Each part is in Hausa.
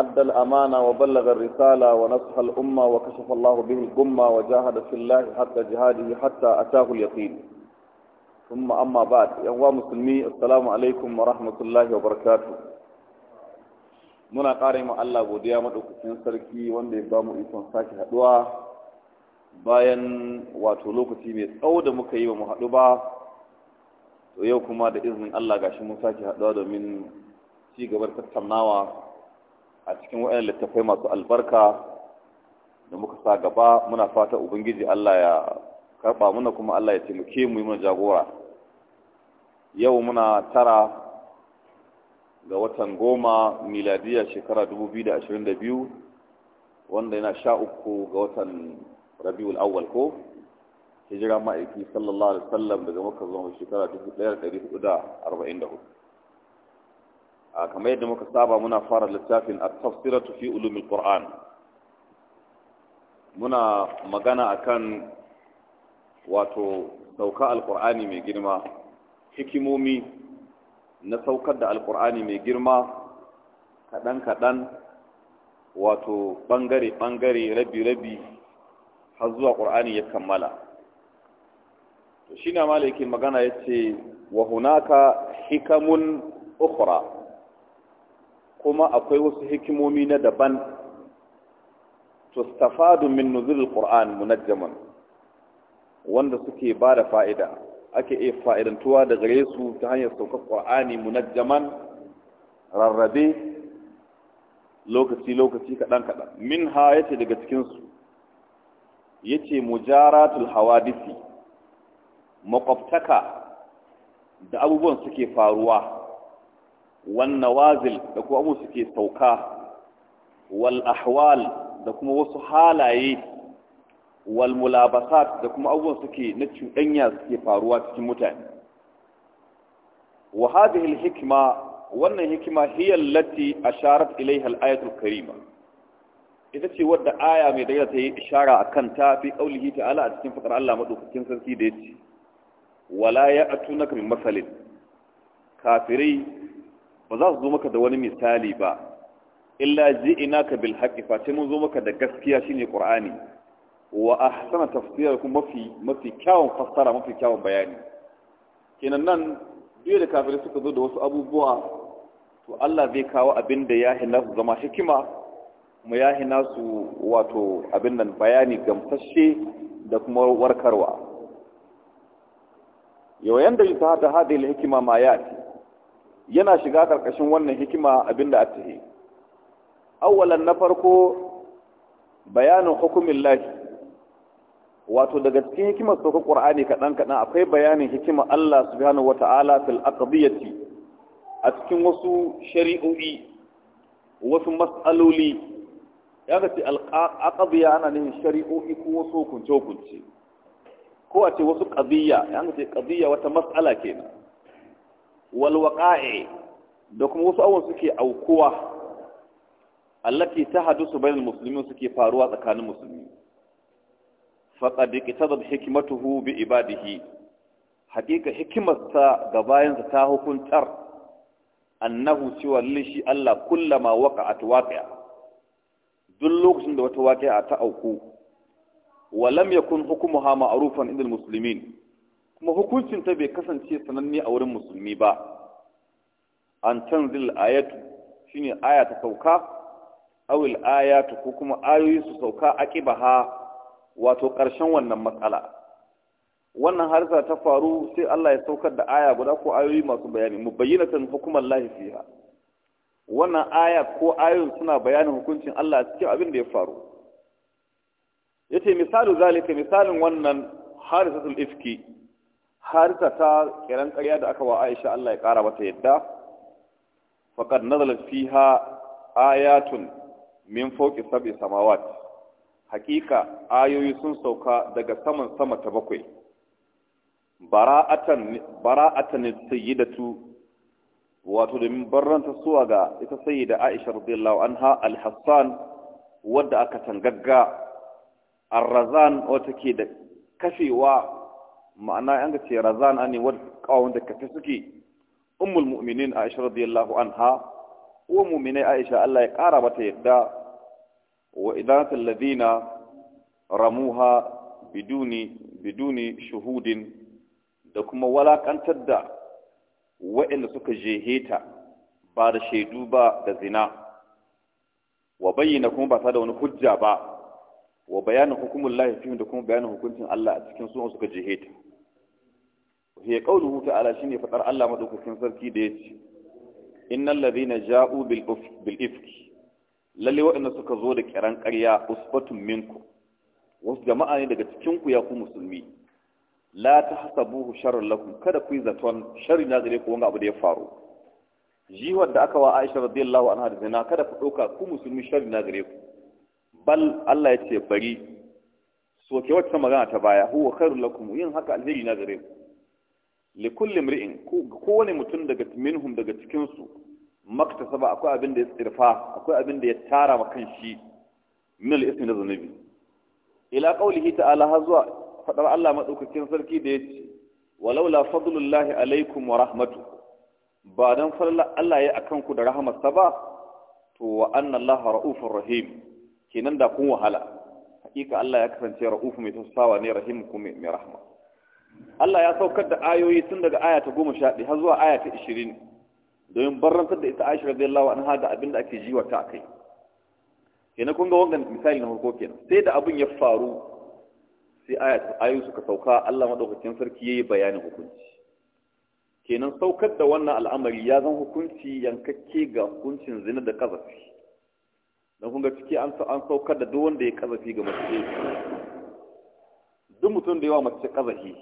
أدى الأمانة وبلغ الرسالة ونصح الأمة وكشف الله به الغمة وجاهد في الله حتى جهاده حتى أتاه اليقين ثم أما بعد يا مسلمي السلام عليكم ورحمة الله وبركاته muna ƙara ma Allah godiya maɗaukakin sarki wanda ya ba mu ikon sake haɗuwa bayan wato lokaci mai tsawo da muka yi wa mu haɗu ba to yau kuma da izinin Allah gashi mun sake haɗuwa domin ci gabar tattaunawa a cikin waɗannan littafai masu albarka da muka sa gaba muna fata ubangiji Allah ya karɓa muna kuma Allah ya taimake mu yi mana jagora yau muna tara ga watan goma miladiyya shekara 2022 wanda yana sha uku ga watan rabi'ul awwal ko hijira ma'aiki sallallahu alaihi wasallam daga makka zuwa shekara 1444 Ah, kamar yadda muka saba muna fara littafin at-tafsiratu fi ulumil qur'an muna magana akan wato sauka alqur'ani mai girma hikimomi na saukar da alqur'ani mai girma kaɗan-kaɗan wato ɓangare-ɓangare rabi-rabi har zuwa ƙur'ani ya kammala to shi na magana yace wa hunaka hikamun ukhra kuma akwai wasu hikimomi na daban tustafadu min nuzul qur'an munajjaman wanda suke ba da fa'ida ake iya fa'idantuwa da gare su ta hanyar saukar qur'ani munajjaman rarrabe lokaci lokaci kaɗan kaɗan min ha yace daga cikinsu yace mujaratul hawadisi makwabtaka da abubuwan suke faruwa wan nawazil da kuma abubuwan suke sauka wal ahwal da kuma wasu halaye wal mulabasat da kuma abubuwan suke na cuɗanya suke faruwa cikin mutane wa hadhihi al hikma wannan hikima hiya latti asharat ilaiha al-ayatu karima ita ce wadda aya mai daga ta yi ishara akan ta fi qaulihi ta'ala a cikin fadar Allah madaukakin sarki da yace wala ya'tunaka min masalin kafirai ba za su zo maka da wani misali ba illa ka bil haqqi fa sai mun zo maka da gaskiya shine qur'ani wa ahsana tafsir kuma mafi mafi kyawun fassara mafi kyawun bayani kenan nan biyu da kafirai suka zo da wasu abubuwa to Allah zai kawo abin da ya hina su zama hikima mu ya hina su wato abin nan bayani gamsashe da kuma warkarwa yau yanda yi ta hada hikima ma ya yana shiga ƙarƙashin wannan hikima abin da attahi awwalan na farko bayanin hukumin lahi wato daga cikin hikimar sauka ƙur'ani kaɗan kaɗan akwai bayanin hikimar Allah subhanahu wa ta'ala fil aqdiyati a cikin wasu shari'o'i wasu mas'aloli ya ga ce aqdiya ana nufin shari'o'i ko wasu hukunce hukunce ko a ce wasu qadiyya ya ga ce qadiyya wata mas'ala kenan walwaƙa'i da kuma wasu awon suke aukuwa allati ta hadusu bayan musulmi suke faruwa tsakanin musulmi faƙaɗi hikimatu hikimatuhu bi ibadihi haƙiƙa hikimarsa ga bayansa ta hukuntar annahu cewa lishi Allah kullama waƙa'at waƙi'a duk lokacin da wata a ta auku walam yakun hukumuha ma'rufan indal muslimin kuma ta bai kasance sananne a wurin musulmi ba an tanzil ayatu shine aya ta sauka awil ayatu ko kuma ayoyi su sauka aqibaha wato ƙarshen wannan matsala wannan harza ta faru sai Allah ya saukar da aya guda ko ayoyi masu bayani mubayyinatan hukumar lahi fiha wannan aya ko ayoyin suna bayanin hukuncin Allah cikin abin da ya faru yace misalu zalika misalin wannan harisatul ifki harisa ta kiran ƙarya da aka wa aisha Allah ya ƙara mata yadda faqad nazalat fiha ayatun min fawqi sab'i samawat hakika ayoyi sun sauka daga saman sama ta bakwai bara'atan bara'atan sayyidatu wato domin barranta suwa ga ita sayyida Aisha radiyallahu anha al-Hassan wadda aka tangagga Ar-Razan wata ke da kafewa ma'ana yan ga ce razana ne wadda kawon da kafe suke ummul mu'minin aisha radiyallahu anha uwa mu'minai aisha Allah ya kara mata yadda wa idatul ladina ramuha biduni biduni shuhudin da kuma walakantar da wa'anda suka jeheta ba da shaidu ba da zina wa bayyana kuma ba ta da wani hujja ba wa bayanin hukumullahi fihim da kuma bayanin hukuncin Allah a cikin suna suka jeheta hiya ala shi ne fadar Allah madaukakin sarki da yace innal ladhina ja'u bil bil ifki lalle waɗanda suka zo da kiran ƙarya usbatun minku wasu jama'a ne daga cikin ku ya ku musulmi la tahsabuhu sharran lakum kada ku yi zaton sharri na gare ku wanga abu da ya faru jihar da aka wa Aisha radiyallahu anha da zina kada ku dauka ku musulmi sharri na gare ku bal Allah ya ce bari soke wacce magana ta baya huwa khairul lakum yin haka alheri na gare ku likulli mri'in kowane mutum daga minhum daga cikinsu maktasaba akwai abin da ya tsirfa akwai abin da ya tara wa kan shi min ismi na zunubi ila qawlihi ta'ala har zuwa fadar Allah madaukakin sarki da ya yace walaula fadlullahi alaikum wa rahmatu ba dan falala Allah ya akan ku da rahmatsa ba to wa anna Allah raufur rahim kenan da kun wahala hakika Allah ya kasance raufu mai tausawa ne rahim kuma mai rahma Allah ya saukar da ayoyi tun daga aya ta goma sha har zuwa aya ta ishirin domin barantar da ita aisha radiyallahu anha da abin da ake wa ta kai kenan kun ga wannan misali na farko kenan sai da abin ya faru sai ayoyi suka sauka Allah madaukakin sarki yayi bayanin hukunci kenan saukar da wannan al'amari ya zan hukunci yankakke ga hukuncin zina da kazafi don kun ga ciki an saukar da duk wanda ya kazafi ga mace duk mutum da yawa mace kazafi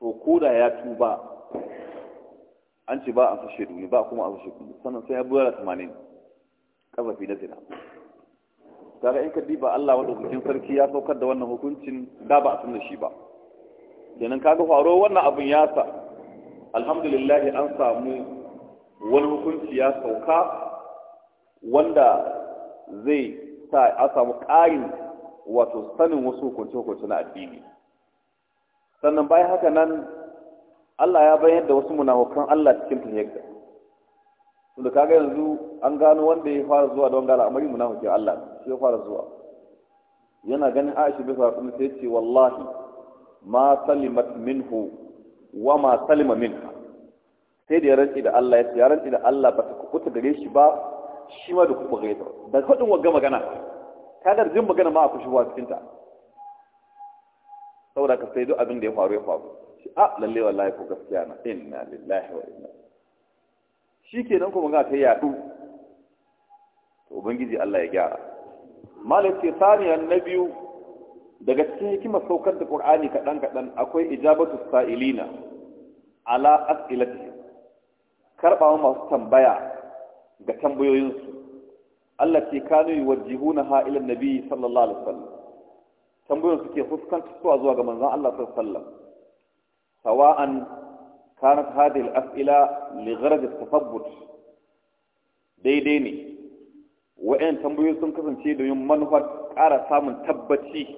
to ko da ya tuba an ce ba a fashe duni ba kuma a fashe duni sannan sai ya buwa da tamanin kazafi na zina kaga in ka diba Allah wa dokokin sarki ya saukar da wannan hukuncin da ba a san da shi ba kenan kaga faro wannan abun ya sa alhamdulillah an samu wani hukunci ya sauka wanda zai sa a samu ƙarin wato sanin wasu hukunce-hukunce na addini sannan bayan haka nan Allah ya bayyana da wasu munafukan Allah cikin tahiyarka tunda kaga yanzu an gano wanda ya fara zuwa don gala amari munafiki Allah sai ya fara zuwa yana ganin Aisha bai fara sai ce wallahi ma salimat minhu wa ma salima minha sai da ya rantsi da Allah ya ce ya rantsi da Allah ba ta kubuta gare shi ba shi ma da kubuta gare ta da kudin wagga magana kaga jin magana ma a kushewa cikin ta saboda ka sai duk abin da ya faru ya faru shi a ah, lalle wallahi ko gaskiya na inna lillahi wa inna shi ke nan kuma ga ta yaɗu to ubangiji Allah ya gyara malik ce saniyan na biyu daga cikin hikimar saukar da qur'ani kaɗan kaɗan akwai ijabatu sa'ilina ala as'ilati karɓawa masu tambaya ga tambayoyinsu Allah ce kanu yuwajjihuna ha ila nabi sallallahu alaihi wasallam tambayoyin suke fuskantarwa zuwa ga manzon Allah sallallahu alaihi wasallam sawa'an kanat hadhihi asila li gharad at daidai ne wa'in tambayoyi sun kasance domin manufar ƙara samun tabbaci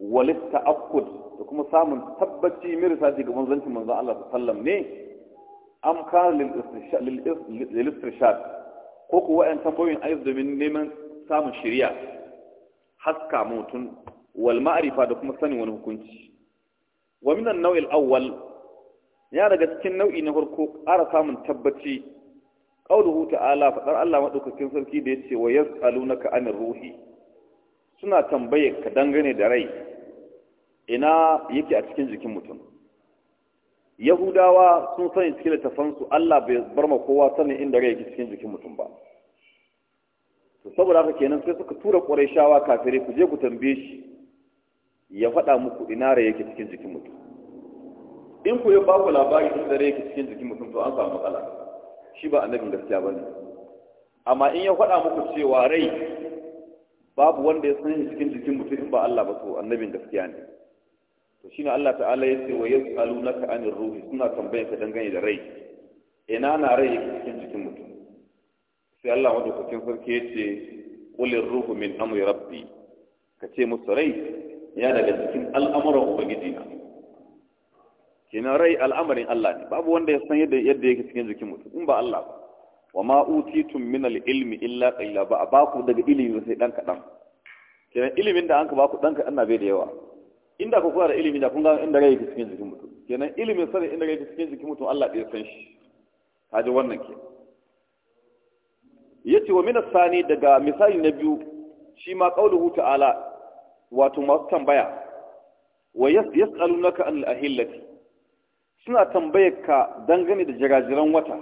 walitta akud da kuma samun tabbaci mirisa ga manzancin manzan Allah sallam ne am kana lil istirshad ko kuwa wa'in tambayoyin ayyus domin neman samun shari'a haska mutum wal ma'rifa da kuma sanin wani hukunci wa min an-naw' al-awwal ya daga cikin nau'i na farko ara samun tabbaci qauluhu ta'ala fadar Allah madaukakin sarki da yace wa yas'alunaka anir ruhi suna tambaye ka dangane da rai ina yake a cikin jikin mutum yahudawa sun sani cikin littafansu Allah bai bar ma kowa sanin inda rai yake cikin jikin mutum ba to saboda haka kenan sai suka tura ƙwarai shawa kafirai ku je ku tambaye shi ya faɗa muku ina rai yake cikin jikin mutum in ku ya ba ku labari in da yake cikin jikin mutum to an samu matsala shi ba annabin gaskiya ba ne amma in ya faɗa muku cewa rai babu wanda ya sani cikin jikin mutum in ba Allah ba to annabin gaskiya ne to shine Allah ta'ala ya ce wa yas'alunaka anir ruhi suna tambayar ka dangane da rai ina na rai yake cikin jikin mutum sai Allah madaukakin sarki ya ce qulir ruhu min amri rabbi ka ce musu rai ya daga cikin al'amuran ubangiji na kenan rai al'amarin Allah ne babu wanda ya san yadda yadda yake cikin jikin mutum in ba Allah ba wa ma utitum min al-ilmi illa qilla ba ba ku daga ilimi sai dan kadan kenan ilimin da an ka ba ku dan ka na bai da yawa inda ku kula da ilimi da kun ga inda rai yake cikin jikin mutum kenan ilimin sai inda rai yake cikin jikin mutum Allah ya san shi kaje wannan ke yace wa min as-sani daga misali na biyu shi ma qauluhu ta'ala wato masu tambaya wa yas'alunaka an al-ahillati suna tambayar ka dangane da jirajiran wata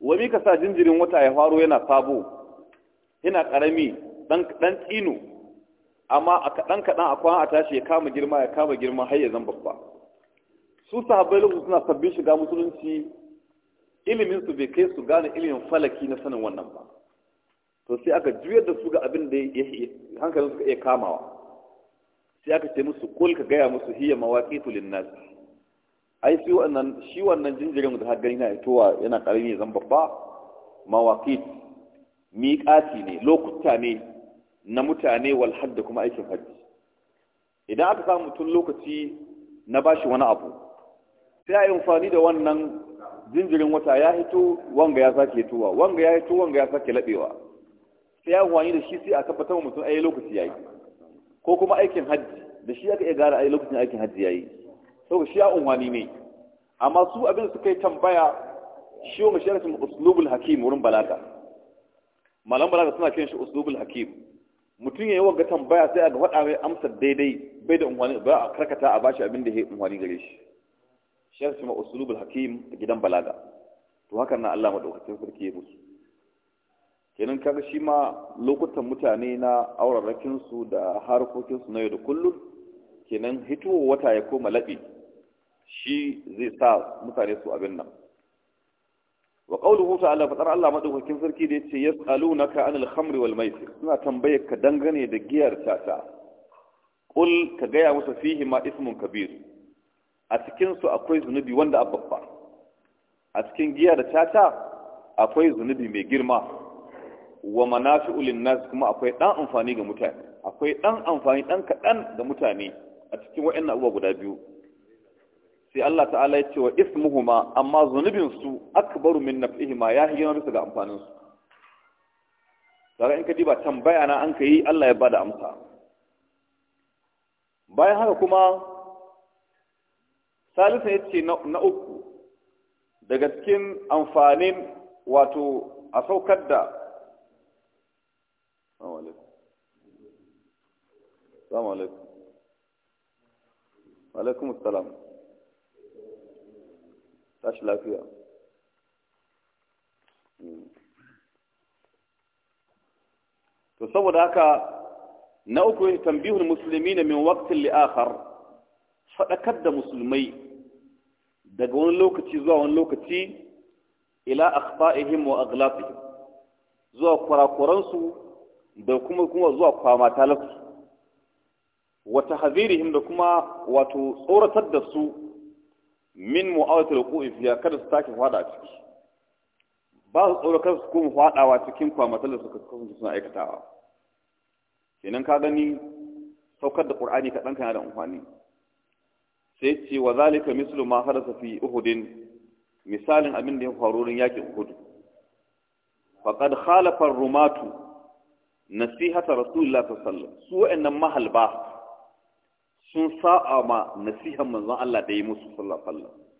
wani ka sa jinjirin wata ya faro yana sabo yana karami dan tsino amma a kaɗan kadan a kwana a tashi ya kama girma ya kama girma har ya zan babba su sahabbai lokacin suna sabbin shiga musulunci ilimin su bai kai su gane ilimin falaki na sanin wannan ba to sai aka juyar da su ga abin da hankalin suka iya kamawa sai aka ce musu kul ka gaya musu hiya mawaqitu nas ai shi wannan shi wannan jinjirin da har na towa yana karami zan babba mawaqit miqati ne lokuta ne na mutane wal hadd kuma aikin haji idan aka samu tun lokaci na bashi wani abu sai a yi amfani da wannan jinjirin wata ya hito wanga ya sake hitowa wanga ya hito wanga ya sake labewa sai ya amfani da shi sai a tabbatar mutum ai lokaci yayi ko kuma aikin hajji da shi aka iya gara a lokacin aikin hajji yayi saboda shi ya unwani ne amma su abin suka yi tambaya shi wa yarashin uslubul hakim wurin balaga malam balaga suna kiran shi uslubul hakim mutum ya yi wagga tambaya sai a ga faɗa mai amsar daidai bai da unwani ba a karkata a bashi abin da ya yi unwani gare shi shi ya uslubul hakim a gidan balaga to hakan na Allah madaukakin sarki ya musu kenan kaga shi ma lokutan mutane na aurarrakinsu da harkokinsu na yau da kullum kenan hito wata ya koma laɓi shi zai sa mutane su abin nan wa hutu Allah fatar Allah maɗaukakin sarki da ya ce ya yas'alunaka anil khamri wal maisir suna tambayar ka dangane da giyar tata ƙul ka gaya musu fihi ma ismun kabir a cikinsu akwai zunubi wanda a babba a cikin giya da tata akwai zunubi mai girma wa manafi'ul linnas kuma akwai dan amfani ga mutane akwai dan amfani dan kadan ga mutane a cikin wayannan abubuwa guda biyu sai Allah ta'ala ya ce wa ismuhuma amma zunubin su akbaru min naf'ihima ya hiyana bisa ga amfanin su kaga in ka diba tambaya na an kai Allah ya bada amsa bayan haka kuma salisa ya ce na uku daga cikin amfanin wato a saukar da السلام alaikum. السلام عليكم وعليكم السلام tashi lafiya to saboda haka na uku tambihul musulmi na min waktin li'akar faɗakar da musulmai daga wani lokaci zuwa wani lokaci ila akhfa'ihim wa aghlafihim zuwa kurakuransu da kuma kuma zuwa kwama talafu wata hazirihim da kuma wato tsoratar da su min mu'awatul qu'i fiya kada su take fada a ciki ba su tsoratar su kuma fadawa cikin kwama talafu suka kasance suna aikatawa kenan ka gani saukar da qur'ani kaɗan kana da amfani sai ce wa zalika mislu ma hadasa fi uhudin misalin abin da ya faru wurin yakin uhud faqad khalafa ar-rumatu nasihata rasulullah sallallahu su wa'annan mahalba sun sa'a ma nasihan manzon Allah da yi musu sallallahu alaihi wasallam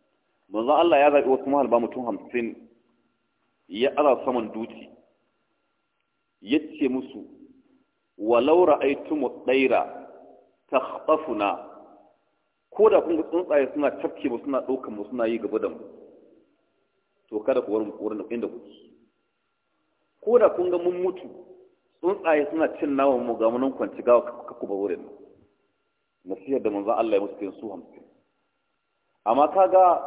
manzon Allah ya zabi wasu mahalba mutum hamsin ya ara saman duti yace musu walau ra'aytum daira takhtafuna ko da kun ga tsuntsaye suna tafke mu suna ɗaukar mu suna yi gaba da mu to kada ku wurin inda kuke ko da kun ga mun mutu tsuntsaye suna cin naman mu ga munin kwanci gawa ka kuma wurin nasihar da manzon Allah ya musu cikin su hamsin amma kaga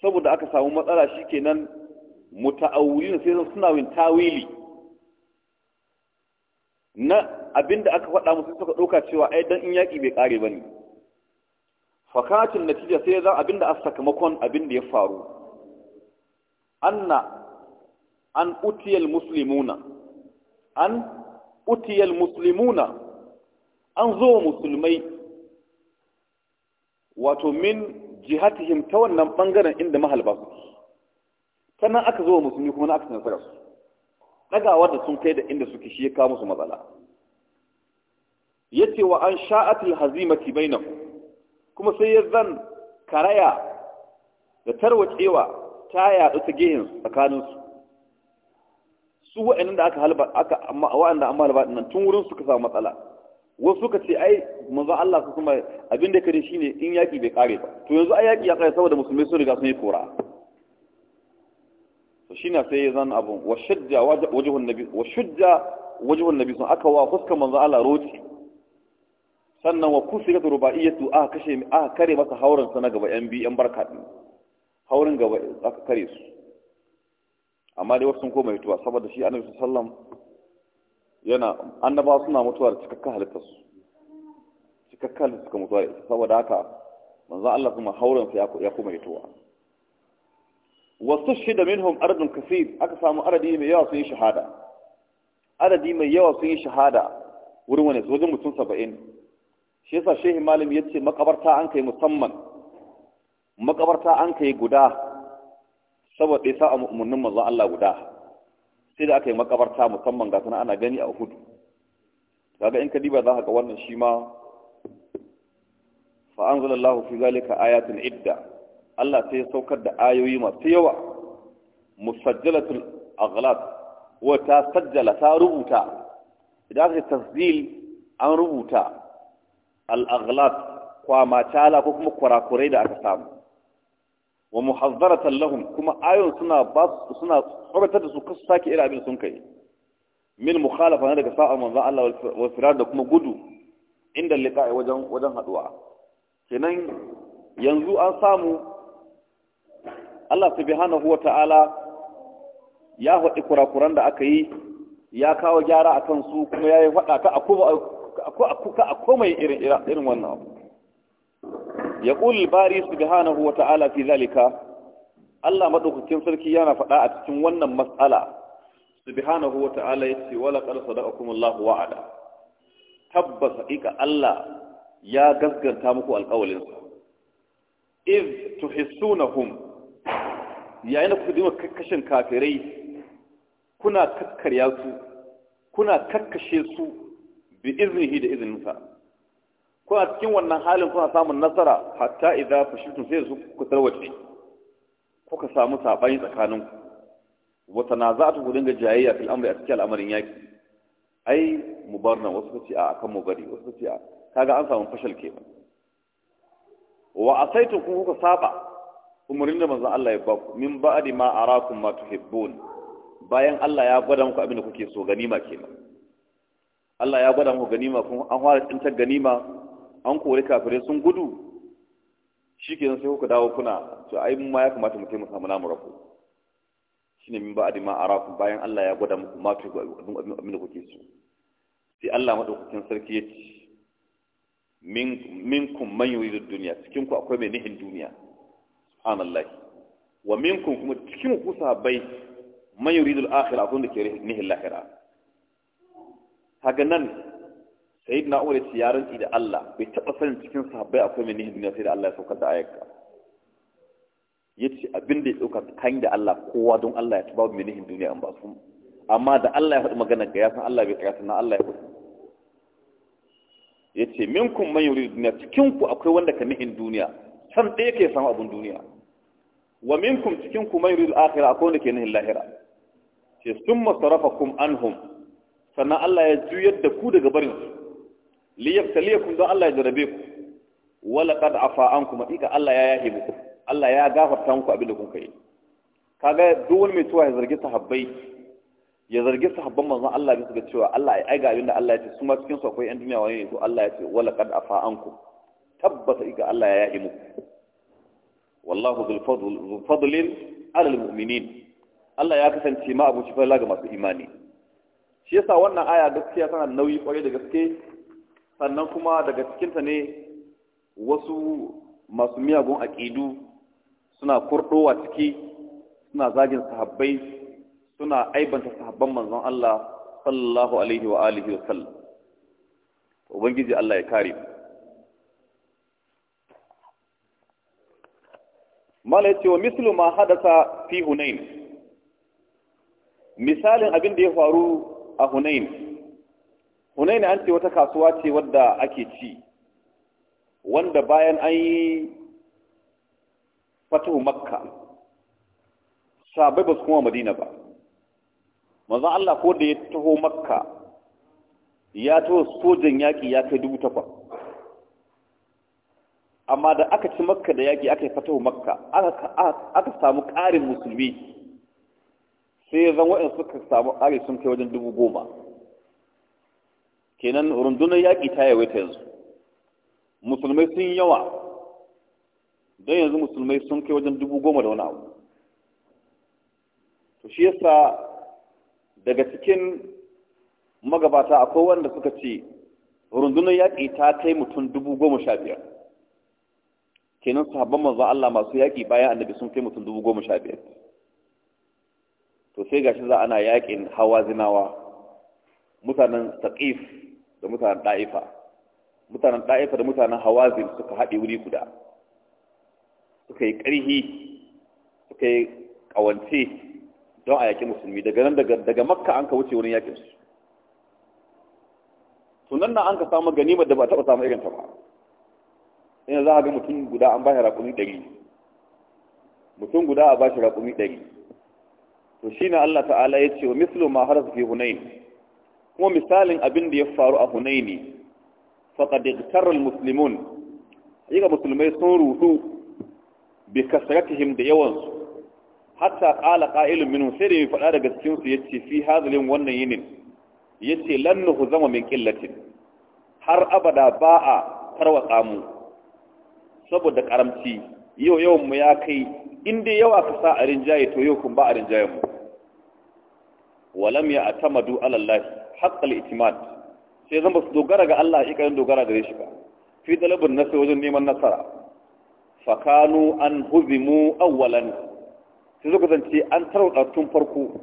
saboda aka samu matsala shikenan muta'awwilin sai suna yin tawili na abinda aka faɗa musu suka ɗauka cewa ai dan in yaƙi bai ƙare ba ne fakatin natija sai zan abinda a sakamakon abin da ya faru anna an utiyal muslimuna an utiyal muslimuna an zo musulmai wato min jihatihim ta wannan bangaren inda mahalba su sannan aka zo musulmi kuma na aka nasara su dagawar da sun kai da inda suke shi ya kawo musu matsala yace wa an sha'atul hazimati bainakum kuma sai ya zan karaya da tarwacewa ta yaɗu ta gehen tsakaninsu su wa'annan da aka halba aka amma wa'anda amma halba nan tun wurin suka samu matsala wasu suka ce ai manzo Allah su kuma abin da kare shine in yaki bai kare ba to yanzu ai yaki ya kare saboda musulmai sun riga sun yi kora to shine sai ya zan abu wa shajja wajhun nabi wa shajja wajhun nabi sun aka wa fuskar manzo Allah roci sannan wa kusirat rubaiyatu A kashe A kare masa hauran sa na gaba yan bi yan barka din hauran gaba aka kare su amma dai wasu sun koma mutuwa saboda shi annabi sallam yana annabawa suna mutuwa da cikakken su cikakken halittar suka mutuwa da saboda haka manzo Allah kuma sa ya koma mutuwa wasu da minhum ardun kasir aka samu aradi mai yawa sun yi shahada aradi mai yawa sun yi shahada wurin wani wajen mutum 70 shi yasa shehi malam ya ce makabarta an kai musamman makabarta an kai guda saboda ya sa a umarnin manzo Allah guda sai da aka yi makabarta musamman ga sana ana gani a Uhud kaga in ka diba za ka ga wannan shi ma fa anzalallahu fi zalika ayatin idda Allah sai ya saukar da ayoyi masu yawa musajjalatul aghlab wa ta sajjala ta rubuta idan aka tasdil an rubuta al-aghlab kwama tala ko kuma kurakurai da aka samu wa muhazzaratan lahum kuma ayon suna ba suna tsoratar da su kasu sake irin abin sun kai min mukhalafa na daga sa'a manzo Allah wa firar da kuma gudu inda liqa'i wajen wajen haduwa kenan yanzu an samu Allah subhanahu wa ta'ala ya faɗi kurakuran da aka yi ya kawo gyara a kansu kuma ya yi faɗa ka a komai irin wannan abu Ya al-bari subhanahu wa ta'ala fi zalika Allah madaukakin sarki yana faɗa a cikin wannan mas'ala subhanahu wa ta'ala yace wala qad sadaqakum Allahu wa'ada tabbas haƙiƙa Allah ya gaskanta muku alƙawalinsa iz tuhissunahum yayin da kuka dima kakkashin kafirai kuna kakkarya su kuna kakkashe su bi iznihi da izininsa kuna cikin wannan halin kuna samun nasara hatta idan fashiltum sai su ku tarwace kuka samu sabani tsakanin ku za ta ku dinga jayayya fil amri a cikin al'amarin yaki ai mubarna wasu kace a kan mu bari wasu kace a kaga an samu fashal ke wa asaitu ku kuka saba umurin da manzon Allah ya ba ku min ba'di ma arakum ma tuhibbun bayan Allah ya gwada muku abin da kuke so ganima kenan Allah ya gwada muku ganima kuma an fara tantar ganima an kori kafirai sun gudu shi ke sai kuka dawo kuna to ai ma ya kamata mu taimaka mu namu rafu shi ne min ba adima araku bayan Allah ya gwada muku ma to abin da kuke so sai Allah madaukakin sarki ya ci. min minkum man yuridu dunya cikin ku akwai mai nihin duniya subhanallahi wa minkum kuma cikin ku sahabbai man yuridu al-akhirah akwai da ke nihin lahira haka nan sayyidina umar ya ce ya rantsi da Allah bai taɓa sanin cikin sahabbai akwai mai nihin duniya sai da Allah ya saukar da ayyuka ya ce abin da ya ɗauka kan da Allah kowa don Allah ya tuba mai nihin duniya an ba su amma da Allah ya faɗi magana ga ya san Allah bai tsaya na Allah ya faɗi ya ce minkum mai yuri duniya cikin ku akwai wanda ka nihin duniya san ɗaya ke samu abin duniya wa minkum cikin ku mai yuri al-akhirah akwai wanda ke nihin lahira ce summa sarafakum anhum sannan Allah ya juyar da ku daga barin su liyabtaliyakum don Allah ya jarabe ku wala qad afa ankum hakika Allah ya yahe muku Allah ya gafarta muku abin da kun yi kaga duk wani mai tuwa ya zargi sahabbai ya zargi sahabban manzon Allah bisa ga cewa Allah ya aiga abin da Allah ya ce su ma cikin su akwai yan duniya wani ne to Allah ya ce wala qad afa ankum tabbata iga Allah ya yahe muku wallahu bil fadl bil fadlin ala al mu'minin Allah ya kasance ma abuci fara ga masu imani shi yasa wannan aya gaskiya tana nauyi kwarai da gaske sannan kuma daga cikinta ne wasu masu miyagun aƙidu suna kurɗowa ciki suna zagin sahabbai suna aibanta sahabban manzon Allah sallallahu alaihi wa alihi wa sallam ubangiji Allah ya kare mala ya wa mislu ma hadasa fi hunain misalin abin da ya faru a hunain hunaina an ce wata kasuwa ce wadda ake ci wanda bayan an yi fatahu makka sababai ba su kuma madina ba Maza allah ko da ya taho makka ya taho sojan yaƙi ya kai dubu takwas amma da aka ci makka da yaƙi aka yi fatahu makka aka samu ƙarin musulmi sai zan waɗanda suka samu ƙari sun kai wajen dubu goma kenan rundunar yaƙi ta yawaita yanzu musulmai sun yawa don yanzu musulmai sun kai wajen dubu goma da wani abu to shi yasa daga cikin magabata akwai wanda suka ce rundunar yaƙi ta kai mutum dubu goma sha biyar kenan sahabban manzon Allah masu yaƙi bayan annabi sun kai mutum dubu goma sha biyar to sai gashi za ana yaƙin hawa zinawa mutanen saƙif da mutanen ɗa'ifa mutanen ɗa'ifa da mutanen hawazin suka haɗe wuri guda suka yi ƙarhi suka yi ƙawance don a yaƙi musulmi daga nan daga makka an ka wuce wurin yaƙinsu sunan na an ka samu ganimar da ba taɓa samu irin ta ba ina za a ga mutum guda an ba shi raƙumi ɗari mutum guda a ba shi raƙumi ɗari to shi na Allah ta'ala ya ce wa mislu ma har su fi hunayin kuma misalin abin da ya faru a hunaini faqad iqtarra almuslimun yiga musulmai sun rudu bi kasratihim da yawansu hatta qala qa'ilun minhum sai da ya faɗa daga cikin su yace fi hazalin wannan yinin yace lan zama min qillatin har abada ba a tarwatsa mu saboda karamci yau yawan mu ya kai inda yawa ka sa a rinjaye to yau kun ba a rinjaye mu walam ya atamadu alallahi haƙƙal itimad sai zan ba su dogara ga Allah hakikanin dogara gare shi ba fi talabin nasa wajen neman nasara fakanu an huzimu awwalan sai suka zance an tarwata tun farko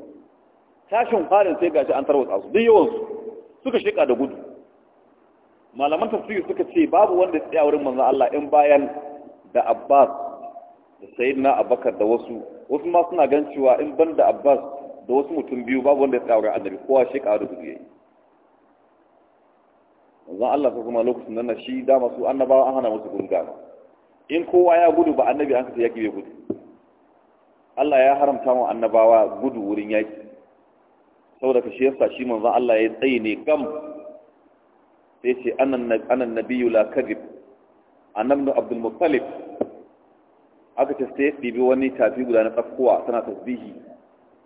tashin farin sai gashi an tarwata su duk yawan su suka shika da gudu malaman tafsiri suka ce babu wanda ya tsaya wurin manzon Allah in bayan da Abbas da Sayyidina Abubakar da wasu wasu ma suna gan cewa in ban da Abbas da wasu mutum biyu babu wanda ya tsaya wurin annabi kowa shi ƙawa da gudu ya yi zan Allah ta kuma lokacin nan shi dama su annabawa an hana musu gurga. in kowa ya gudu ba annabi an kasa yaƙi bai gudu Allah ya haramta mu annabawa gudu wurin yaƙi saboda ka shi yasa shi manzon Allah ya tsaye ne gam sai ce anan nabiyu la kadib annabnu abdul muttalib aka ce sai ɗibi wani tafi guda na tsakkuwa tana tasbihi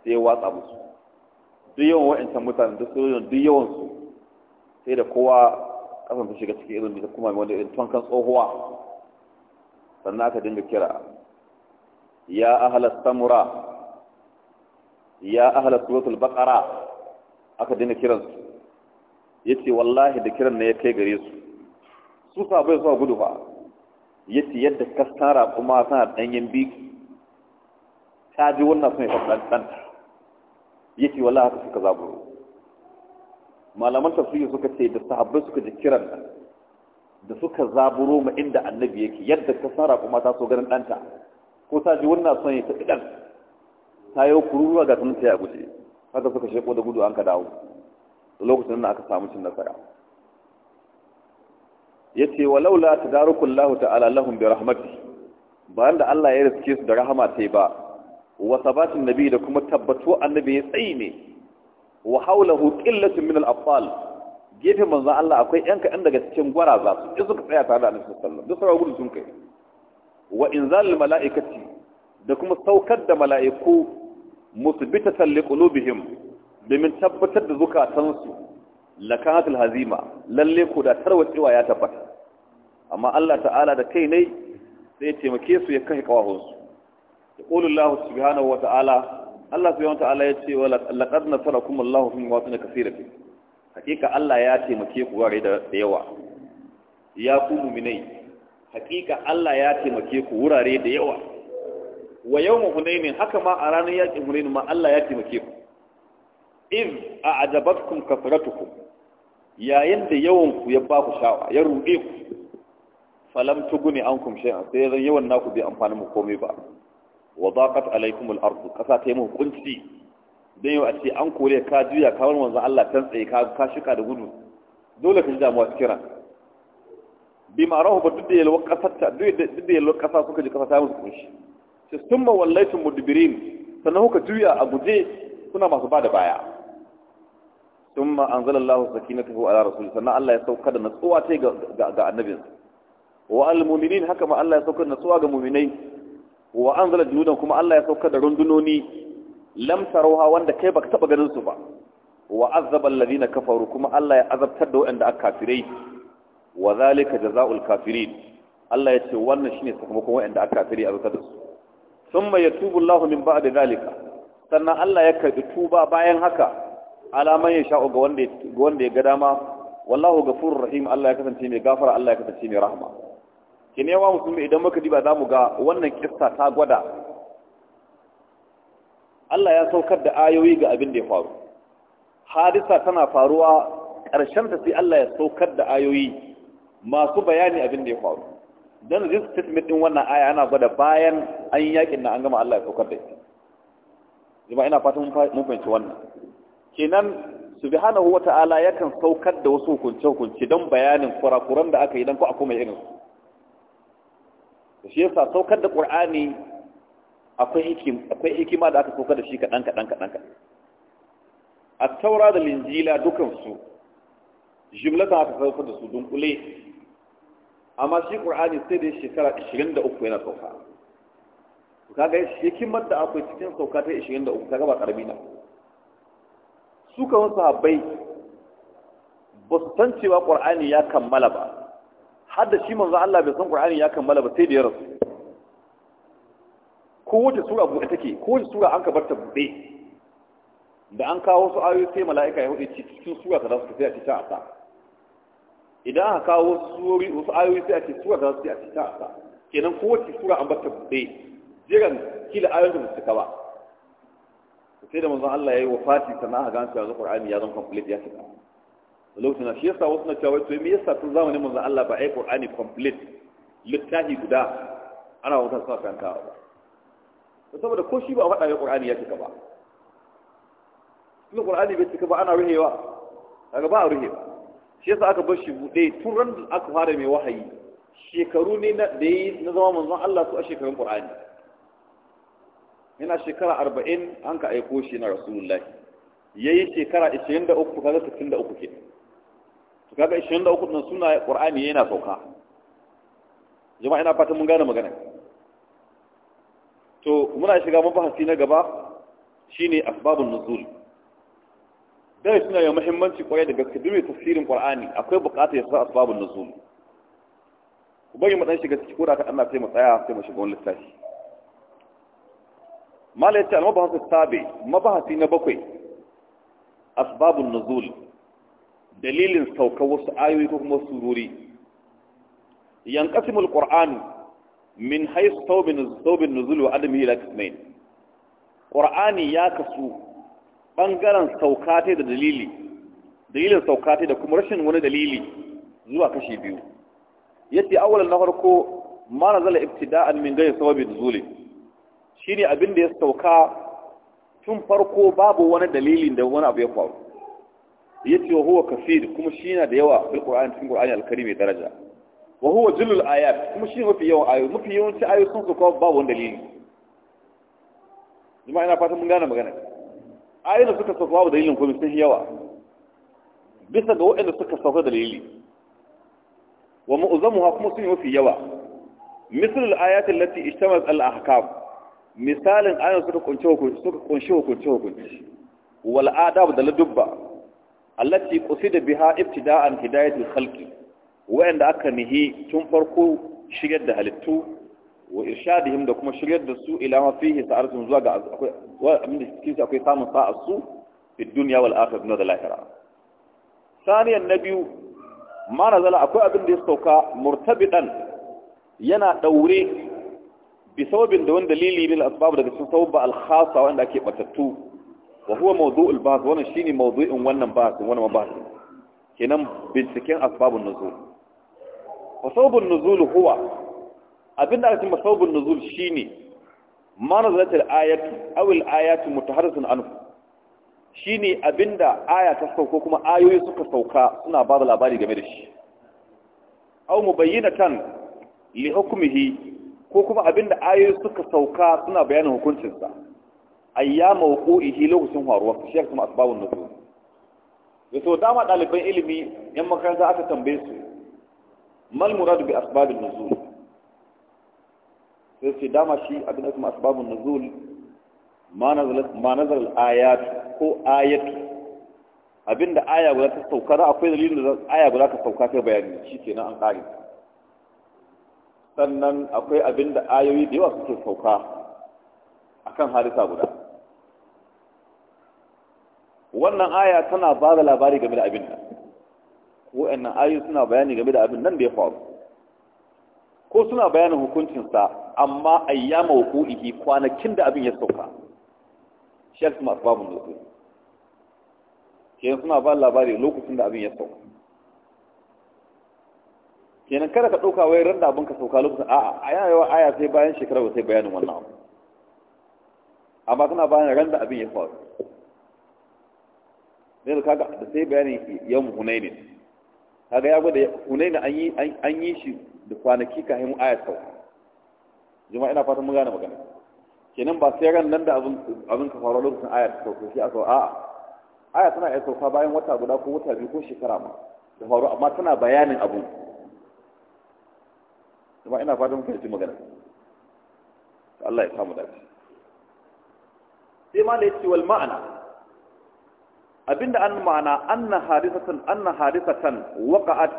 sai ya watsa musu duk yawan wa'ancan mutanen duk sojojin duk yawan su sai da kowa kafin ta shiga cikin irin da kuma wanda irin tonkan tsohuwa sannan aka dinga kira ya ahalar samura ya ahalar suratul baqara aka dinga su. ya ce wallahi da kiran na ya kai gare su su bai zuwa gudu ba ya ce yadda kastara kuma sana ɗanyen biki ta ji wannan sun yi fasɗanta yake wala haka suka zaburo malaman tafsiri suka ce da sahabbai suka ji kiran nan da suka zaburo ma inda annabi yake yadda ka sara kuma ta so ganin danta ko ta ji wannan son ya tafi dan ta yi kururuwa ga sun ta ya guje haka suka sheko da gudu an ka dawo lokacin da aka samu cin nasara yace walaula tadarukullahu ta'ala lahum bi rahmatihi bayan da Allah ya riske su da rahama yi ba wa sabatin nabi da kuma tabbatu annabi ya tsayi ne wa haulahu qillatun min al-abtal gefe manzo Allah akwai yan ɗan daga cikin gwaraza su ji suka tsaya tare da annabi sallallahu alaihi wasallam duk gudun sun kai wa inzal malaikati da kuma saukar da mala'iku musbitatan liqulubihim domin tabbatar da zukatansu lakatul hazima lalle ko da tarwatsewa ya tabbata amma Allah ta'ala da kai ne sai ya taimake su ya kashe kawahunsu يقول الله سبحانه وتعالى الله سبحانه وتعالى يتي ولقد نصركم الله في مواطن كثيرة حقيقة الله ياتي مكيك وارد ديوا يا قوم مني حقيقة الله ياتي مكيك وارد ديوا ويوم هنين ما أراني ياتي هنين ما الله ياتي مكيك إذ أعجبتكم كثرتكم يا يند يوم يباكو شاوة يروديكم falam tuguni ankum shay'an sai zan yawan naku bai amfani mu komai ba wa zaqat alaikum al-ard kasa ta yi mu kunci dan yau a ce an kore ka juya ka bar wanzu Allah tan tsaye ka ka shuka da gudu dole ka ji damuwa kira bima ba duk da yalwa kasar ta duk da yalwa kasa suka ji kasa ta musu kunshi sai summa wallaitum mudbirin sannan kuka juya a guje kuna masu bada baya summa anzalallahu sakinatahu ala rasul sannan Allah ya sauka da natsuwa ta ga ga wa al haka ma Allah ya sauka da ga mu'minai wa anzala junudan kuma Allah ya saukar da rundunoni lam tarawha wanda kai baka taba ganin su ba wa azaba alladhina kafaru kuma Allah ya azabtar da waɗanda aka kafirai wa zalika jazaa'ul kafirin Allah ya ce wannan shine sakamakon waɗanda aka kafirai azabtar da su thumma yatubu Allahu min ba'di zalika sannan Allah ya karbi tuba bayan haka alaman ya sha'o ga wanda ya ga dama wallahu ghafurur rahim Allah ya kasance mai gafara Allah ya kasance mai rahma ke newa musulmi idan muka diba za mu ga wannan kista ta gwada Allah ya saukar da ayoyi ga abin da ya faru hadisa tana faruwa ƙarshen ta sai Allah ya saukar da ayoyi masu bayani abin da ya faru don this statement din wannan aya ana gwada bayan an yakin na an gama Allah ya saukar da ita jima ina fatan mun fahimci wannan kenan subhanahu wata'ala yakan saukar da wasu hukunce hukunce don bayanin kurakuran da aka yi don ko akwai mai irin su da shi yasa saukar da qur'ani akwai hikim akwai hikima da aka saukar da shi kadan kadan kadan kadan at-taura da linjila dukan su jumlatan aka saukar da su dunkule amma shi qur'ani sai da shekara 23 yana sauka kaga hikimar da akwai cikin sauka ta 23 kaga ba karbi na su kan sahabbai ba su san cewa qur'ani ya kammala ba har da shi manzo Allah bai san Qur'ani ya kammala ba sai da ya rasu ko wata sura buɗe take ko wata sura an ka bar ta buɗe da an kawo su ayoyi sai mala'ika ya hude cikin sura ta zasu sai a cikin asa idan aka kawo suri wasu ayoyi sai a cikin sura ta zasu sai a cikin asa kenan ko wata sura an bar ta buɗe jiran kila ayoyin da suka ba sai da manzo Allah ya yi wafati sannan aka gane cewa Qur'ani ya zama complete ya cika lokacin shi yasa wasu na cewa to me yasa tun zamanin manzon Allah ba ai Qur'ani complete littafi guda ana wata sa kanta ba saboda ko shi ba a faɗa ya Qur'ani ya cika ba tun Qur'ani bai cika ba ana ruhewa daga ba a ruhewa shi yasa aka bar shi buɗe tun ran da aka fara mai wahayi shekaru ne da yi na zama manzon Allah su a shekarun Qur'ani yana shekara arba'in an ka aiko shi na Rasulullahi yi shekara da 23 kaga uku kenan kaga 23 din suna qur'ani yana sauka jama'a ina fatan mun gane magana to muna shiga mabahasi na gaba shine asbabun nuzul dai suna da muhimmanci kwarai da gaske dume tafsirin qur'ani akwai bukatar yasa asbabun nuzul ku bari mu dan shiga cikin koda ka na sai mu tsaya sai mu shiga wannan littafi mala yace al-mabahasi sabi mabahasi na bakwai asbabun nuzul dalilin sauka wasu ayoyi ko kuma surori yanqasimul qur'an min haythu thawbin thawbin nuzul wa adami ila kismain qur'ani ya kasu bangaren sauka ta da dalili dalilin sauka ta da kuma rashin wani dalili zuwa kashi biyu yace awwalan na farko ma nazala ibtida'an min ghayri thawbin nuzul shine abin da ya sauka tun farko babu wani dalilin da wani abu ya faru yace wa huwa kafir kuma shi yana da yawa bil qur'ani cikin qur'ani alkarimi daraja wa huwa julul ayat kuma shi mafi yawan ayoyi mafi yawanci ayoyi sun su ko babu wani dalili jama'a ina fatan mun gane magana ayoyin da suka sauka babu dalilin kuma sun yawa bisa ga waɗanda suka sauka dalili wa mu'azzamuha kuma sun mafi yawa misal al-ayat allati ishtamat al-ahkam misalin ayoyin suka kunshi hukunci suka kunshi hukunci hukunci wal adab da ladubba allati qusida biha ibtida'an hidayatul khalqi wa'anda aka nihi tun farko shigar da halittu wa irshadihim da kuma shigar da su ila ma fihi sa'arsun zuwa ga akwai akwai samun sa'ar su fi dunya wal akhirah na da lahira saniyan nabiyu ma nazala akwai abin da ya sauka murtabidan yana daure bi sababin da wani dalili bil asbab daga cikin sababba al khassa wanda ake batattu wa huwa mawdu'ul ba'th wannan shine mawdu'in wannan ba'th wannan ba'th kenan binciken asbabun nuzul wa sababun nuzul huwa abinda aka cewa sababun nuzul shine ma nazalatul ayat aw al ayatu mutaharrisun anhu shine abinda aya ta sauko kuma ayoyi suka sauka suna ba da labari game da shi aw mubayyinatan li hukmihi ko kuma abinda ayoyi suka sauka suna bayanin hukuncinsa ayyama wuqu'ihi lokacin faruwa shek kuma asbabun nuzul da so dama ɗaliban ilimi yan makaranta aka tambaye su mal murad bi asbabun nuzul sai ce dama shi abin da kuma asbabun nuzul ma nazar ayat ko ayatu abinda aya guda ta sauka da akwai dalilin da aya guda ta sauka sai bayani shi kenan an kare sannan akwai abinda ayoyi da yawa suke sauka akan harisa guda wannan aya tana ba da labari game da abin nan wa'annan ayoyi suna bayani game da abin nan da ya faru ko suna bayanin hukuncinsa amma ayyama wuku'ihi kwanakin da abin ya sauka shi ma masu babin nutsu kenan suna ba labari lokacin da abin ya sauka kenan kada ka ɗauka wai ran da abin ka sauka lokacin a'a a yana yawa aya sai bayan shekara ba sai bayanin wannan abu amma suna bayan ran da abin ya faru ne ka kaga da sai bayanin yawon hunaini kaga ya gwada hunaini an yi shi da kwanaki kahin ayat sau jama'a ina fatan mun gane magana kenan ba sai ran nan da abin ka faru lokacin ayat sau ko shi a sau a'a tana iya sauka bayan wata guda ko wata biyu ko shekara ma da faru amma tana bayanin abun jama'a ina fatan mun fahimci magana Allah ya samu dace sai ma da wal ma'ana abinda an ma'ana anna hadisatan anna hadisatan waqa'at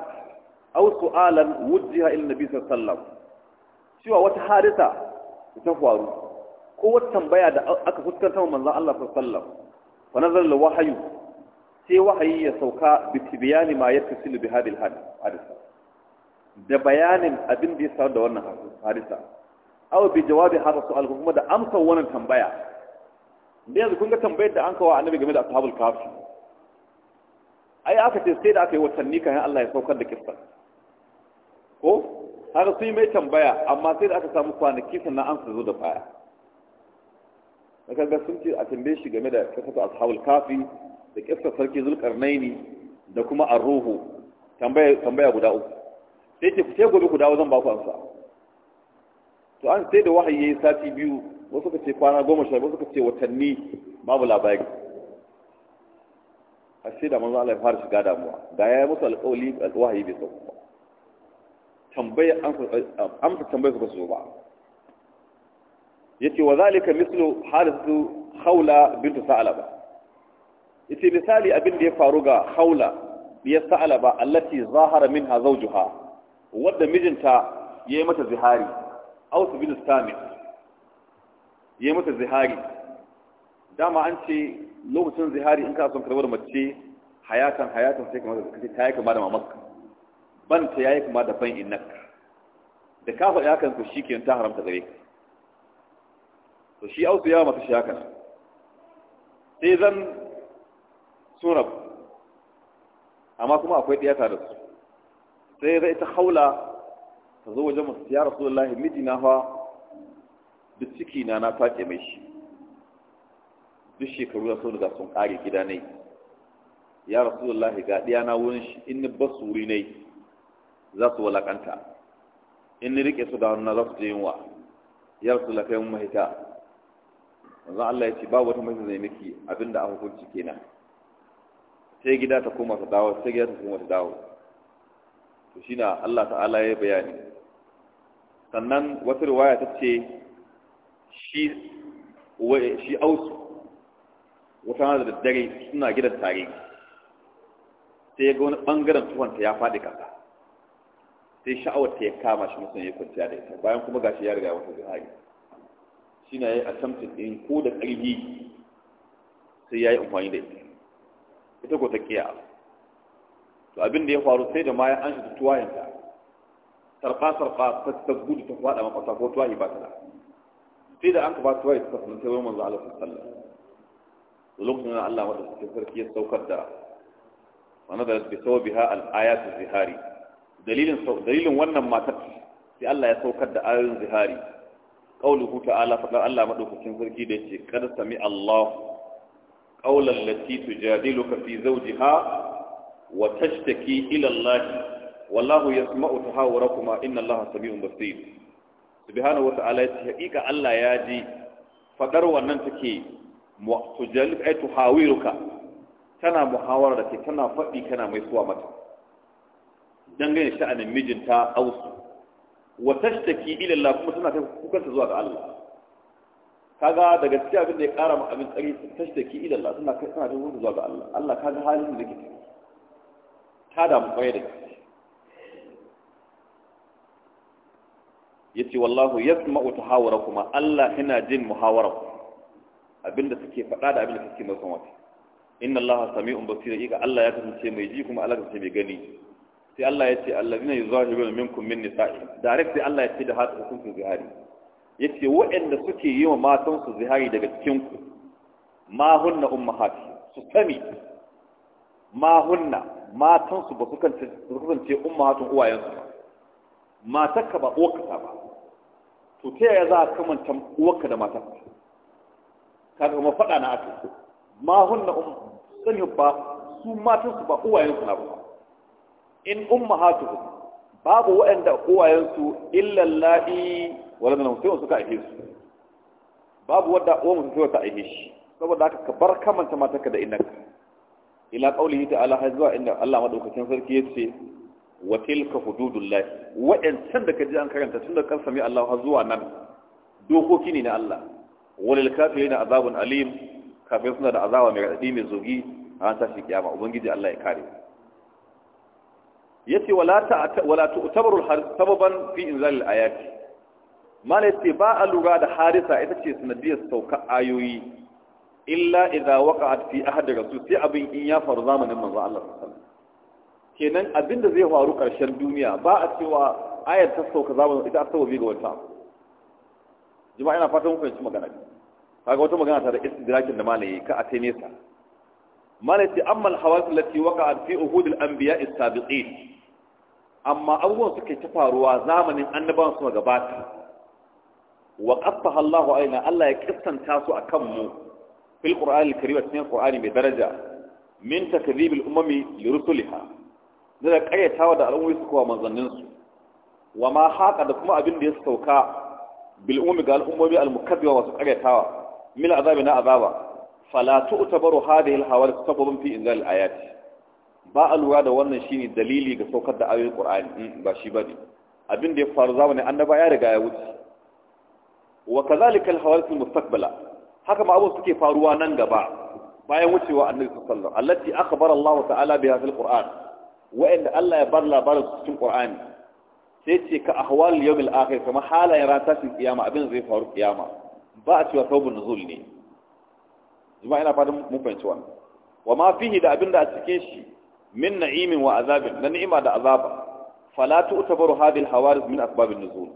aw su'alan wujjiha ila nabi sallallahu alaihi wasallam cewa wata hadisa ta faru ko wata tambaya da aka fuskanta wa manzon Allah sallallahu alaihi wasallam fa nazala wahyu sai wahayi ya sauka bi tibyani ma yattasilu bi hadhihi hadisa da bayanin abin da ya sa da wannan hadisa aw bi jawabi hadha su'al kuma da amsa wannan tambaya da yanzu kun ga tambayar da an kawo annabi game da ashabul kafi ai aka ce sai da aka yi watanni kan Allah ya saukar da kissa ko har sai mai tambaya amma sai da aka samu kwanaki sannan an su zo da baya da kaga sun ce a tambaye shi game da kissa ashabul kafi da kissa sarki zulkarnaini da kuma arruhu tambaya tambaya guda uku sai ce ku ce gobe ku dawo zan ba ku amsa to an sai da wahayi sati biyu wasu ka ce kwana goma sha wasu ka ce watanni babu labari a ce da manzo Allah ya fara shiga damuwa da ya yi musu alƙawli alwahi bai sauka ba tambaya amsa tambaya suka su ba yace wa zalika mislu halithu khawla bint sa'laba yace misali abin da ya faru ga khawla ya sa'laba allati zahara minha zawjuha wadda mijinta yayi mata zihari aw su bin sami' ya mata zihari dama an ce lokacin zihari in ka son karbar mace hayatan hayatan sai kamar da ta yi kama da mamak ban ta yayi kama da ban innak da ka faɗi hakan ku shi ke ta haramta gare ka to shi auto ya mata shi hakan sai zan sura amma kuma akwai ɗiyata da su sai zai ta haula ta zo wajen masu ya rasu lallahi na hawa. duk ciki na na fate mai shi duk shekaru na sau ga sun kare gida ne ya rasulullahi ga ɗiya na wurin shi in ni ba su ne za su walakanta in ni rike su da hannu za su je yunwa ya da kai mun mahita Wanzu Allah ya ce babu wata mahita zai miki abinda a hukunci kenan sai gida ta koma ta dawo sai gida ta koma ta dawo to shi na Allah ta'ala ya bayani sannan wata riwaya ta ce shi shi ausu wata da dare, suna gidan tare sai ga wani bangaren tuhonta ya faɗi kasa sai sha'awar ta ya kama shi musan ya kwanciya da ita bayan kuma gashi ya riga wata zihari shi na yi attempting ɗin ko da ƙarfi sai ya yi amfani da ita ita ko ta ƙiya to abin da ya faru sai da ma ya an shi tuwayen ta sarfa sarfa ta gudu ta faɗa mafasa ko tuwahi ba ta da sai da an ka ba ta waye ta sanin sai wani manzo Allah sallallahu lokacin da Allah wadda cikin sarki ya saukar da wani da bi sawabiha al-ayatul zihari dalilin wannan matar sai Allah ya saukar da ayoyin zihari qauluhu ta'ala fadar Allah madaukakin sarki da yace kad sami Allah qawlan lati tujadiluka fi zawjiha wa tashtaki ila Allah wallahu yasma'u kuma inna Allah samiun basir subhanahu ta'ala ya ce Allah ya ji fadar wannan take tujal ay tuhawiruka tana muhawara da ke tana faɗi kana mai suwa mata dangane sha'anin mijinta ausu wa tashtaki ila Allah kuma tana kai kukanta zuwa ga Allah kaga daga cikin abin da ya kara ma abin tsari tashtaki ila Allah tana kai tana kai zuwa ga Allah Allah kaga halin da nake ta da kwaye da ke yace wallahu yasma'u kuma Allah yana jin muhawarakum abinda suke faɗa da abinda suke musu wata inna Allah sami'un basir iga Allah ya kasance mai ji kuma Allah kasance mai gani sai Allah ya ce allazina yuzahiruna minkum min nisa'i direct sai Allah ya ce da haka hukuncin zihari yace waɗanda suke yi wa matan su zihari daga cikin ku ma hunna ummahati su sami ma hunna matan su ba su ce ummahatan uwayen su ba matarka ba uwarka ta ba to ta yaya za a kamanta uwarka da matarka kaga kuma faɗa na aka ma hunna um sani ba su matan su ba uwayensu na ba in umma ummahatuhum babu waɗanda uwayensu illa lladi wala nan sai suka aihe su babu wadda uwar mutum ta aihe shi saboda haka ka bar kamanta matarka da inna ila qaulihi ta'ala hazwa zuwa inda Allah madaukakin sarki yace wa tilka hududullahi waɗancan da ka ji an karanta tun da kan sami Allah har zuwa nan dokoki ne na Allah walil kafirin azabun alim kafin suna da azaba mai radadi mai zogi a ta tashi kiyama ubangiji Allah ya kare yace wala ta wala tu'tabaru sababan fi inzalil ayati mala yace ba a lura da harisa ita ce sanadiyar sauka ayoyi illa idza waqa'at fi ahadi rasul sai abin in ya faru zamanin manzo Allah sallallahu alaihi wasallam kenan abinda zai faru ƙarshen duniya ba a cewa ayar ta sauka zamanin ita a sauwa ga wata jima ina fatan muku yanci magana kaga wata magana ta da istidrakin da malaye ka a ta nesa malaye ce amma alhawasu lati waka fi uhudul anbiya as-sabiqin amma abubuwan suke ta faruwa zamanin annabawan su gabata wa qaffaha Allahu aina Allah ya kissanta su akan mu fil qur'anil karim cikin qur'ani mai daraja min takdhibil umami li rusuliha da ƙayyatawa da al'ummi su kowa manzanninsu wa ma haƙa da kuma abin da ya sauka bil'ummi ga al'ummomi al-mukabbiwa wasu ƙayyatawa min azabi na azaba fala tu'tabaru hadhihi al-hawal sababun fi inzal ayat ba a lura da wannan shine dalili ga saukar da ayoyin qur'ani mm, ba shi bane abin da ya faru zamanin annaba ya riga ya wuce wa kadhalika al-hawal fi mustaqbala haka ma abu suke faruwa nan gaba bayan wucewa annabi sallallahu alaihi wasallam allati akhbara Allah ta'ala biha fil qur'an wa'anda Allah ya bar labarin cikin Qur'ani sai ce ka ahwal yawmil akhir kamar halayen ran tashin kiyama abin zai faru kiyama ba a cewa saubun nuzul ne jama'a ina fatan mun fahimci wannan wa ma fihi da abinda a cikin shi min na'imin wa azabin na ni'ima da azaba fala tu'tabaru hadhihi al-hawaris min asbabin nuzul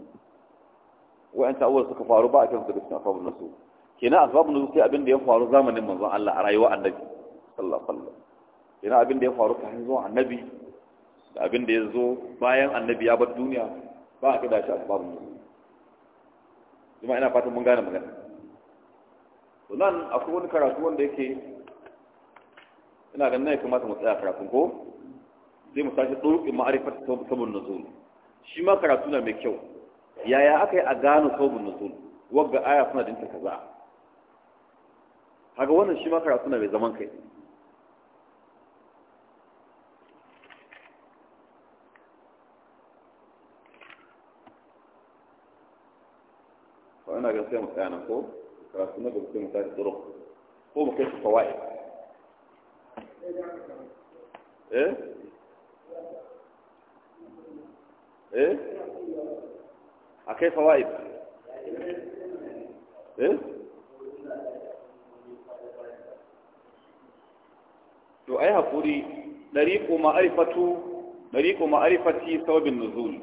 wa'anta awwal suka faru ba a kan su cikin asbabun nuzul Kina asbabun nuzul sai abinda ya faru zamanin manzon Allah a rayuwar annabi sallallahu alaihi wasallam yana abin da ya faru kafin zuwa annabi da abin da ya zo bayan annabi ya bar duniya ba a kada shi a babu musulmi kuma ina fatan mun gane magana to nan akwai wani karatu wanda yake ina ganin ya kamata mu tsaya karatu, ko sai mu tashi ɗorukin ma'arifar sabon nuzul shi ma karatu na mai kyau yaya aka yi a gano sabon nuzul wagga aya suna dinta kaza Haga wannan shi ma karatu na mai zaman kai ina ga sai mu nan ko karatu na gaba sai mu tashi tsoro ko mu kai su fawaid eh eh kai fawaid eh to ai hakuri dariqu ma'arifatu dariqu ma'arifati sababin nuzul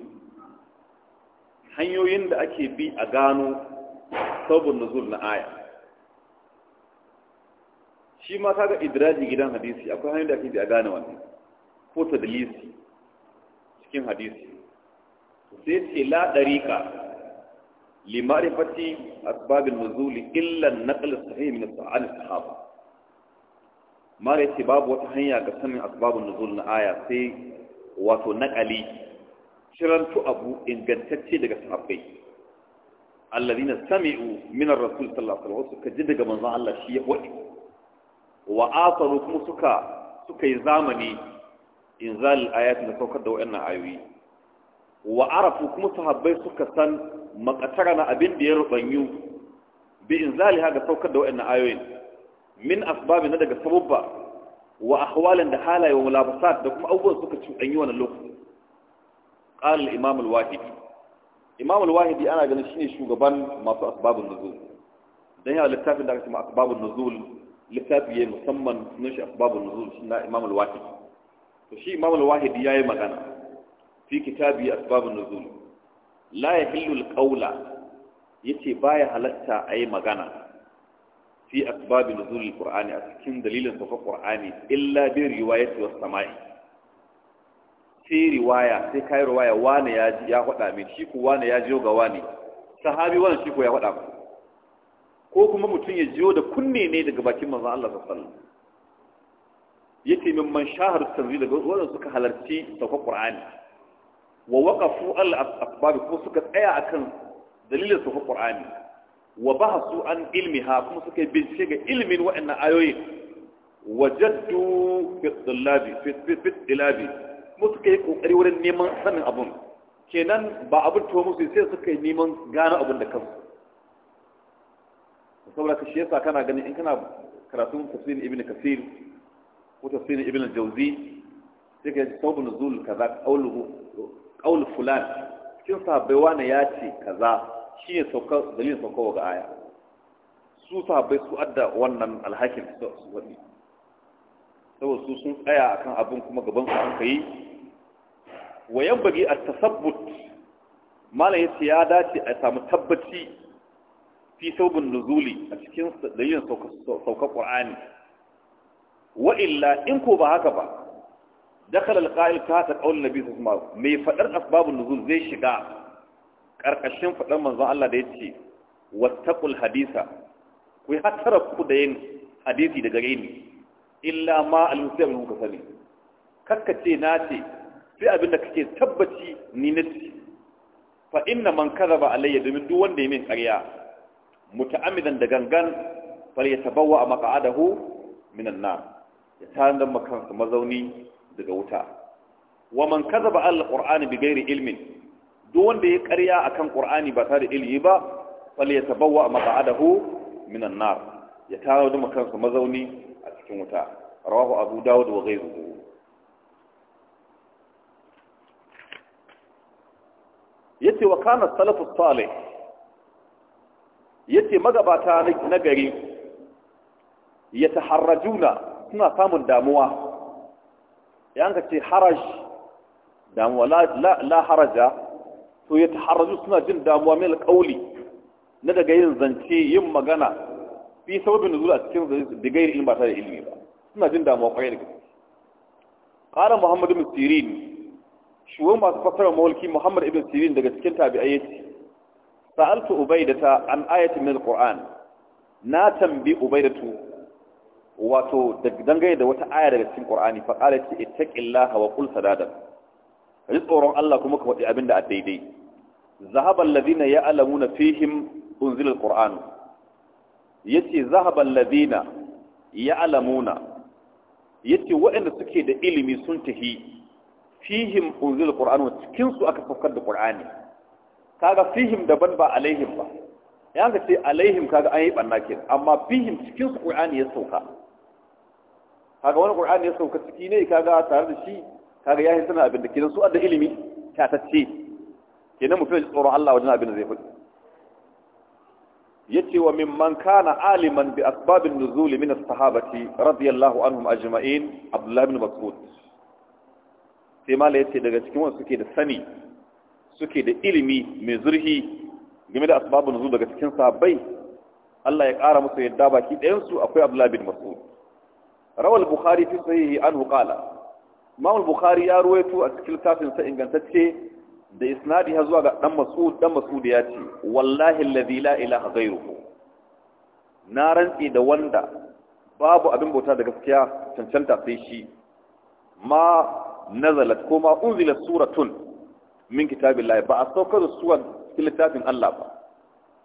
hanyoyin da ake bi a gano sabon nuzul na aya shi ma kaga idraji gidan hadisi akwai hanyar da ake da gane wannan ko ta dalisi cikin hadisi sai ce la dariqa li ma'rifati asbab an-nuzul illa an-naql sahih min al sahaba mare ce babu wata hanya ga sanin asbabun nuzul na aya sai wato naqali shirantu abu ingantacce daga sahabbai alladhina sami'u min ar-rasul sallallahu alaihi wasallam suka ji daga manzon Allah shi ya wadi wa asaru kuma suka suka yi zamani inzal ayati da saukar da wayannan ayoyi wa arafu kuma sahabbai suka san makatara na abin da ya rubanyu bi inzaliha da saukar da wayannan ayoyin min asbabi na daga sababba wa ahwalin da halaye wa mulabasat da kuma abubuwan suka cuɗanyi wannan lokaci qala al-imam al-wahidi imam al-wahidi ana ganin shine shugaban masu asbabun nuzul dan yana littafin da aka ce asbabun nuzul littafi ya musamman sunan shi asbabun nuzul shi na imam al-wahidi to shi imam al-wahidi yayi magana fi kitabi asbabun nuzul la yahillu al-qawla yace baya halatta ayi magana fi asbabun nuzul al-qur'ani a cikin dalilin saukar qur'ani illa bi riwayati was sama'i sai riwaya sai kai riwaya wani ya ji ya faɗa min shi ko wani ya jiyo ga wani sahabi wani shi ko ya faɗa ko kuma mutum ya jiyo da kunne ne daga bakin manzon Allah sallallahu alaihi wasallam yace min man shahar tanzil daga wanda suka halarci sauka Qur'ani wa waqafu al asbab ko suka tsaya akan dalilin sauka Qur'ani wa bahasu an ilmiha kuma suka bincike ga ilmin wa'annan ayoyin wajaddu fi dhillabi fi fi kuma suka yi kokari wurin neman sanin abun kenan ba abin tuwo musu sai suka yi neman gano abun da kansu saboda ka shi yasa kana gani in kana karatun tafsirin ibn kasir ko tafsirin ibn jauzi sai ka yi saubun nuzul kaza kaulu qawl fulan cikin sahabbai wani ya ce kaza shi sauka dalilin sauka ga aya su sahabbai su adda wannan alhakin su wadi saboda su sun tsaya akan abin kuma gaban su an kai wa yanbaghi at-tasabbut malam yace ya dace a samu tabbaci fi saubin nuzuli a cikin dalilin saukar qur'ani wa illa in ko ba haka ba dakhala al-qa'il ta ta qaul nabi sallallahu alaihi wasallam Me fadar asbabun nuzul zai shiga karkashin fadar manzon Allah da yace wattaqul hadisa ku hatara ku da yin hadisi daga gare ni illa ma al-muslim ka sani kakkace na ce sai abin da kake tabbaci ni na ci fa inna man kadhaba alayya domin duk wanda ya min ƙarya muta'ammidan da gangan fal a maka'adahu minan nan, ya da makansa mazauni daga wuta wa man kadhaba al-qur'ani bighairi ilmin duk wanda ya ƙarya kan ƙur'ani ba tare da ilimi ba fal a maka'adahu minan nan, ya da makansa mazauni a cikin wuta rawahu abu dawud wa ghayruhu yace wa kana salafu salih yace magabata na gari ya yataharrajuna suna samun damuwa ya an ce haraj damuwa la haraja to ya yataharraju suna jin damuwa mai alƙauli na daga yin zance yin magana fi sababin nuzul a cikin digayin ilmi ba ta da ilmi ba suna jin damuwa kwarai da gaske qala muhammadu bin shugaban masu fasarar mawalki muhammad ibn sirin daga cikin tabi'ai yace sa'altu ubaidata an ayatin min alquran na tambi ubaidatu wato dangane da wata aya daga cikin qur'ani fa qalat ittaqillaha wa qul sadada ji tsoron Allah kuma ka faɗi abinda a daidai zahaba alladhina ya'lamuna fihim unzila alquran yace zahaba alladhina ya'lamuna yace waɗanda suke da ilimi sun tahi fihim unzil qur'an wa cikin su aka saukar da qur'ani kaga fihim daban ba alaihim ba ya ga ce alaihim kaga an yi banna kenan amma fihim cikin su qur'ani ya sauka kaga wani qur'ani ya sauka ciki ne kaga tare da shi kaga yayin tana abin da kenan su adda ilimi ta tatacce kenan mutum ya tsoro Allah wajen abin da zai faɗi yace wa mimman kana aliman bi asbabin nuzuli min as-sahabati radiyallahu anhum ajma'in Abdullah ibn Mas'ud sai mala yace daga cikin wanda suke da sani suke da ilimi mai zurhi game da asbabun nuzul daga cikin sahabbai Allah ya ƙara musu yadda baki ɗayan su akwai Abdullah bin Mas'ud rawal Bukhari fi sahihi anhu qala Imam Bukhari ya ruwaito a cikin littafin sa ingantacce da isnadi har zuwa ga dan Mas'ud dan Mas'ud ya ce wallahi alladhi la ilaha ghayruhu na rantsi da wanda babu abin bauta da gaskiya cancanta sai shi ma nazalat ko ma unzila suratun min kitabillahi ba a saukar da suwan cikin littafin Allah ba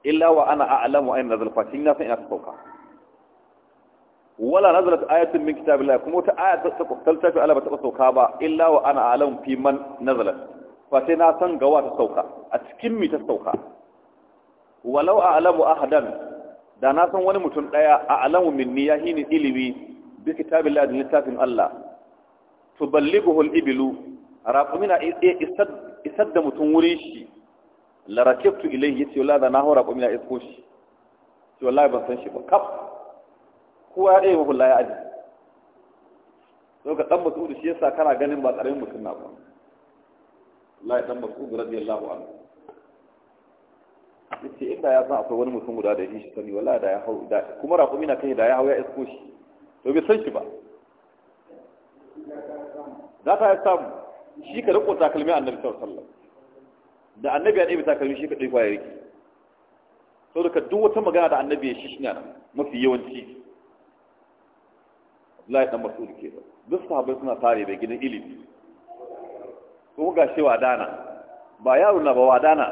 illa wa ana a'lamu ayin nazal fatin na san ina ta sauka wala nazalat ayatun min kitabillahi kuma wata aya ta littafin Allah ba ta sauka ba illa wa ana a'lamu fi man nazalat fatin na san gawa ta sauka a cikin mi ta sauka walau a'lamu ahadan da na san wani mutum daya a'lamu minni yahi ni ilimi bi kitabillahi littafin Allah tuballighu al-iblu raqumina isar da mutum wurin shi la rakibtu ilayhi yace wala da na hora raqumina isko shi to wallahi ban san shi ba kaf kowa ya dai wallahi aji to ka dan mutum shi yasa kana ganin ba karamin mutum na ba wallahi dan mutum radiyallahu anhu yace inda ya san akwai wani mutum guda da shi sani wallahi da ya hau da kuma raqumina kai da ya hau ya isko shi to bai san shi ba za ta samu shi ka riko takalmi annabi sallallahu alaihi da annabi ya ɗebe takalmi shi ka ɗebe ya rike Sau ka duk wata magana da annabi ya shi shi nan mafi yawanci Abdullahi ɗan Mas'ud ke ba duk sahabbai suna tare da gidan ilimi ko ga shi wadana ba yaro na ba wadana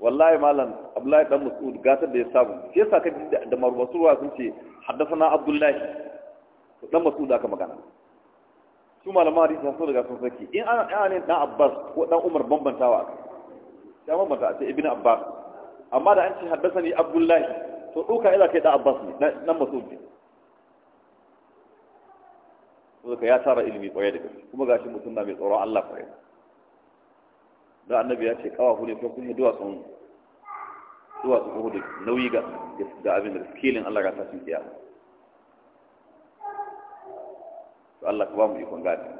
wallahi malam abdullahi masu mas'ud gatar da ya samu shi yasa kaji da Marubatu ruwa sun ce na abdullahi dan masu da aka magana su malaman hadisi sun daga sun saki in ana ɗanin da abbas ko dan umar bambantawa ya bambanta a ce ibn abbas amma da an ce haddasa ni abdullahi to ɗauka ila kai da abbas ne dan masu ne to ka ya tara ilimi ƙwaye da gaske kuma gashi mutum na mai tsoro allah ƙwaye da annabi ya ce kawahu ne ko kun yi duwatsun duwatsun uhudu nauyi ga abin da skilin allah ga tashin kiyama Allah ka ba mu ikon gadi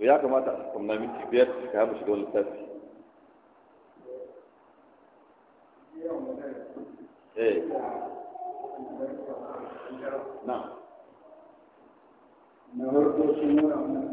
to ya kamata a kuma minti biyar ka haɓa shiga wani tafi eh na na farko shi nuna